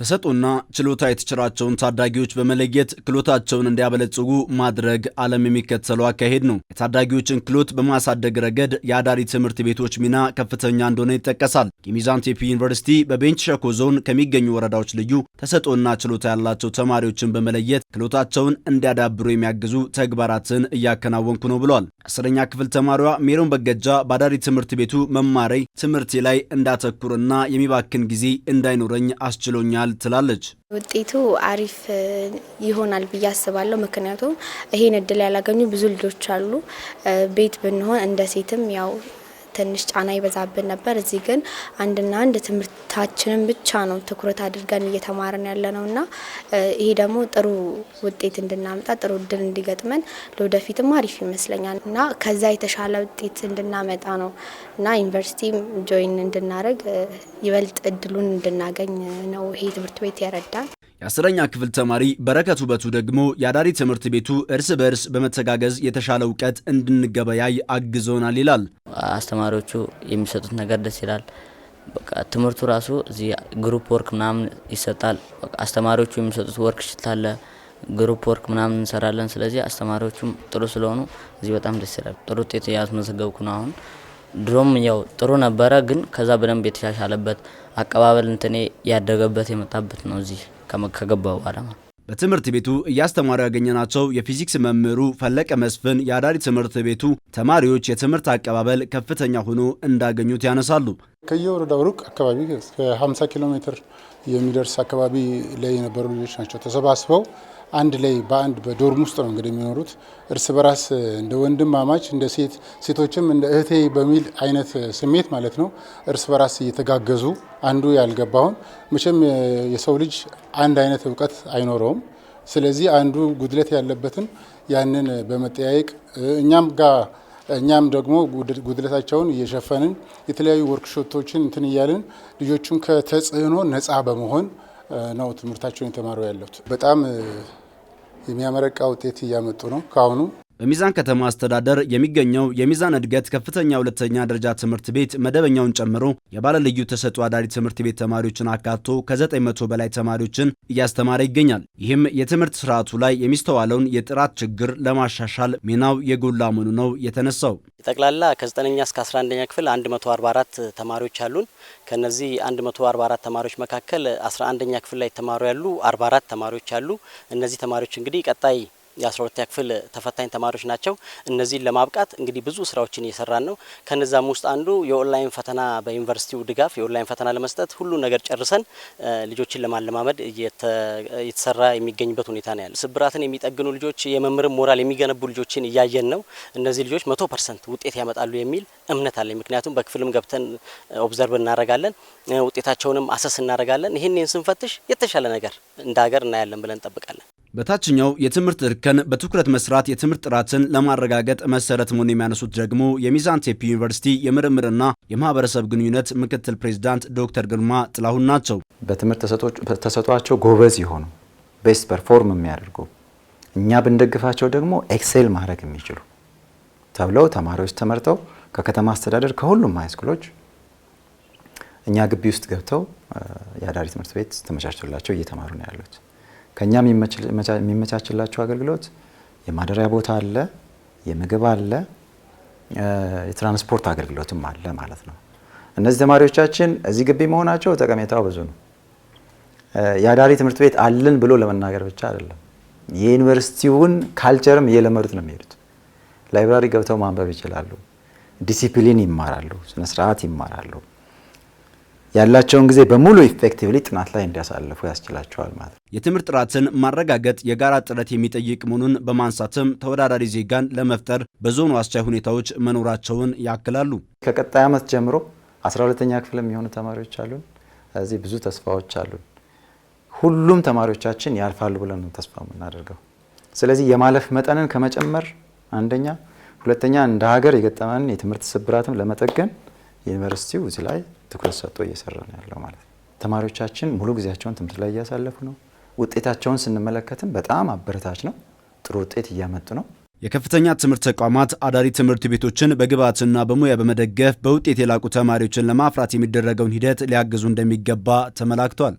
ተሰጦና ችሎታ የተቸራቸውን ታዳጊዎች በመለየት ክህሎታቸውን እንዲያበለጽጉ ማድረግ ዓለም የሚከተለው አካሄድ ነው። የታዳጊዎችን ክህሎት በማሳደግ ረገድ የአዳሪ ትምህርት ቤቶች ሚና ከፍተኛ እንደሆነ ይጠቀሳል። የሚዛን ቴፒ ዩኒቨርሲቲ በቤንች ሸኮ ዞን ከሚገኙ ወረዳዎች ልዩ ተሰጦና ችሎታ ያላቸው ተማሪዎችን በመለየት ክህሎታቸውን እንዲያዳብሩ የሚያግዙ ተግባራትን እያከናወንኩ ነው ብሏል። አስረኛ ክፍል ተማሪዋ ሜሮን በገጃ በአዳሪ ትምህርት ቤቱ መማሬ ትምህርቴ ላይ እንዳተኩርና የሚባክን ጊዜ እንዳይኖረኝ አስችሎኛል ይሆናል ትላለች። ውጤቱ አሪፍ ይሆናል ብዬ አስባለሁ። ምክንያቱም ይሄን እድል ያላገኙ ብዙ ልጆች አሉ። ቤት ብንሆን እንደ ሴትም ያው ትንሽ ጫና ይበዛብን ነበር። እዚህ ግን አንድና አንድ ትምህርታችንን ብቻ ነው ትኩረት አድርገን እየተማርን ያለ ነው እና ይሄ ደግሞ ጥሩ ውጤት እንድናመጣ ጥሩ እድል እንዲገጥመን ለወደፊትም አሪፍ ይመስለኛል እና ከዛ የተሻለ ውጤት እንድናመጣ ነው እና ዩኒቨርሲቲ ጆይን እንድናደርግ ይበልጥ እድሉን እንድናገኝ ነው ይሄ ትምህርት ቤት ያረዳል። የአስረኛ ክፍል ተማሪ በረከት ውበቱ ደግሞ የአዳሪ ትምህርት ቤቱ እርስ በእርስ በመተጋገዝ የተሻለ እውቀት እንድንገበያይ አግዞናል ይላል። አስተማሪዎቹ የሚሰጡት ነገር ደስ ይላል። በቃ ትምህርቱ ራሱ እዚህ ግሩፕ ወርክ ምናምን ይሰጣል። አስተማሪዎቹ የሚሰጡት ወርክ ሽታለ አለ ግሩፕ ወርክ ምናምን እንሰራለን። ስለዚህ አስተማሪዎቹም ጥሩ ስለሆኑ እዚህ በጣም ደስ ይላል። ጥሩ ውጤት ያስመዘገብኩ ነው። አሁን ድሮም ያው ጥሩ ነበረ፣ ግን ከዛ በደንብ የተሻሻለበት አቀባበል እንትኔ ያደገበት የመጣበት ነው እዚህ ከገባው በኋላ በትምህርት ቤቱ እያስተማሩ ያገኘናቸው የፊዚክስ መምህሩ ፈለቀ መስፍን የአዳሪ ትምህርት ቤቱ ተማሪዎች የትምህርት አቀባበል ከፍተኛ ሆኖ እንዳገኙት ያነሳሉ። ከየወረዳው ሩቅ አካባቢ እስከ 50 ኪሎ ሜትር የሚደርስ አካባቢ ላይ የነበሩ ልጆች ናቸው ተሰባስበው አንድ ላይ በአንድ በዶርም ውስጥ ነው እንግዲህ የሚኖሩት። እርስ በራስ እንደ ወንድም አማች እንደ ሴት ሴቶችም እንደ እህቴ በሚል አይነት ስሜት ማለት ነው እርስ በራስ እየተጋገዙ አንዱ ያልገባውን መቼም የሰው ልጅ አንድ አይነት እውቀት አይኖረውም። ስለዚህ አንዱ ጉድለት ያለበትን ያንን በመጠያየቅ እኛም ጋር እኛም ደግሞ ጉድለታቸውን እየሸፈንን የተለያዩ ወርክሾቶችን እንትን እያልን ልጆቹን ከተጽዕኖ ነፃ በመሆን ነው ትምህርታቸውን የተማሩ ያለት በጣም የሚያመረቃ ውጤት እያመጡ ነው ከአሁኑ በሚዛን ከተማ አስተዳደር የሚገኘው የሚዛን እድገት ከፍተኛ ሁለተኛ ደረጃ ትምህርት ቤት መደበኛውን ጨምሮ የባለልዩ ተሰጡ ተሰጥኦ አዳሪ ትምህርት ቤት ተማሪዎችን አካቶ ከ900 በላይ ተማሪዎችን እያስተማረ ይገኛል። ይህም የትምህርት ስርዓቱ ላይ የሚስተዋለውን የጥራት ችግር ለማሻሻል ሚናው የጎላ መሆኑ ነው የተነሳው። ጠቅላላ ከ9ኛ እስከ 11ኛ ክፍል 144 ተማሪዎች አሉን። ከነዚህ 144 ተማሪዎች መካከል 11ኛ ክፍል ላይ ተማሩ ያሉ 44 ተማሪዎች አሉ። እነዚህ ተማሪዎች እንግዲህ ቀጣይ የ ክፍል ተፈታኝ ተማሪዎች ናቸው። እነዚህን ለማብቃት እንግዲህ ብዙ ስራዎችን እየሰራን ነው። ከነዛም ውስጥ አንዱ የኦንላይን ፈተና በዩኒቨርሲቲው ድጋፍ የኦንላይን ፈተና ለመስጠት ሁሉ ነገር ጨርሰን ልጆችን ለማለማመድ እየተሰራ የሚገኝበት ሁኔታ ነው ያለ። ስብራትን የሚጠግኑ ልጆች፣ የመምህርን ሞራል የሚገነቡ ልጆችን እያየን ነው። እነዚህ ልጆች መቶ ፐርሰንት ውጤት ያመጣሉ የሚል እምነት አለ ምክንያቱም በክፍልም ገብተን ኦብዘርቭ እናደርጋለን፣ ውጤታቸውንም አሰስ እናደርጋለን። ይህንን ስንፈትሽ የተሻለ ነገር እንደ ሀገር እናያለን ብለን እንጠብቃለን። በታችኛው የትምህርት እርከን በትኩረት መስራት የትምህርት ጥራትን ለማረጋገጥ መሰረት መሆኑን የሚያነሱት ደግሞ የሚዛን ቴፒ ዩኒቨርሲቲ የምርምርና የማህበረሰብ ግንኙነት ምክትል ፕሬዚዳንት ዶክተር ግርማ ጥላሁን ናቸው። በትምህርት ተሰጧቸው ጎበዝ የሆኑ ቤስት ፐርፎርም የሚያደርጉ እኛ ብንደግፋቸው ደግሞ ኤክሴል ማድረግ የሚችሉ ተብለው ተማሪዎች ተመርተው ከከተማ አስተዳደር ከሁሉም ሃይስኩሎች እኛ ግቢ ውስጥ ገብተው የአዳሪ ትምህርት ቤት ተመቻችቶላቸው እየተማሩ ነው ያሉት። ከእኛ የሚመቻችላቸው አገልግሎት የማደሪያ ቦታ አለ፣ የምግብ አለ፣ የትራንስፖርት አገልግሎትም አለ ማለት ነው። እነዚህ ተማሪዎቻችን እዚህ ግቢ መሆናቸው ጠቀሜታው ብዙ ነው። የአዳሪ ትምህርት ቤት አለን ብሎ ለመናገር ብቻ አይደለም። የዩኒቨርሲቲውን ካልቸርም እየለመዱት ነው የሚሄዱት። ላይብራሪ ገብተው ማንበብ ይችላሉ። ዲሲፕሊን ይማራሉ፣ ስነስርዓት ይማራሉ። ያላቸውን ጊዜ በሙሉ ኢፌክቲቭሊ ጥናት ላይ እንዲያሳልፉ ያስችላቸዋል ማለት ነው። የትምህርት ጥራትን ማረጋገጥ የጋራ ጥረት የሚጠይቅ መሆኑን በማንሳትም ተወዳዳሪ ዜጋን ለመፍጠር በዞኑ አስቻይ ሁኔታዎች መኖራቸውን ያክላሉ። ከቀጣይ ዓመት ጀምሮ 12ተኛ ክፍል የሚሆኑ ተማሪዎች አሉን። ስለዚህ ብዙ ተስፋዎች አሉን። ሁሉም ተማሪዎቻችን ያልፋሉ ብለን ነው ተስፋ የምናደርገው። ስለዚህ የማለፍ መጠንን ከመጨመር አንደኛ፣ ሁለተኛ እንደ ሀገር የገጠመንን የትምህርት ስብራትም ለመጠገን ዩኒቨርሲቲው እዚህ ላይ ትኩረት ሰጥቶ እየሰራ ነው ያለው ማለት ነው። ተማሪዎቻችን ሙሉ ጊዜያቸውን ትምህርት ላይ እያሳለፉ ነው። ውጤታቸውን ስንመለከትም በጣም አበረታች ነው። ጥሩ ውጤት እያመጡ ነው። የከፍተኛ ትምህርት ተቋማት አዳሪ ትምህርት ቤቶችን በግብዓትና በሙያ በመደገፍ በውጤት የላቁ ተማሪዎችን ለማፍራት የሚደረገውን ሂደት ሊያግዙ እንደሚገባ ተመላክቷል።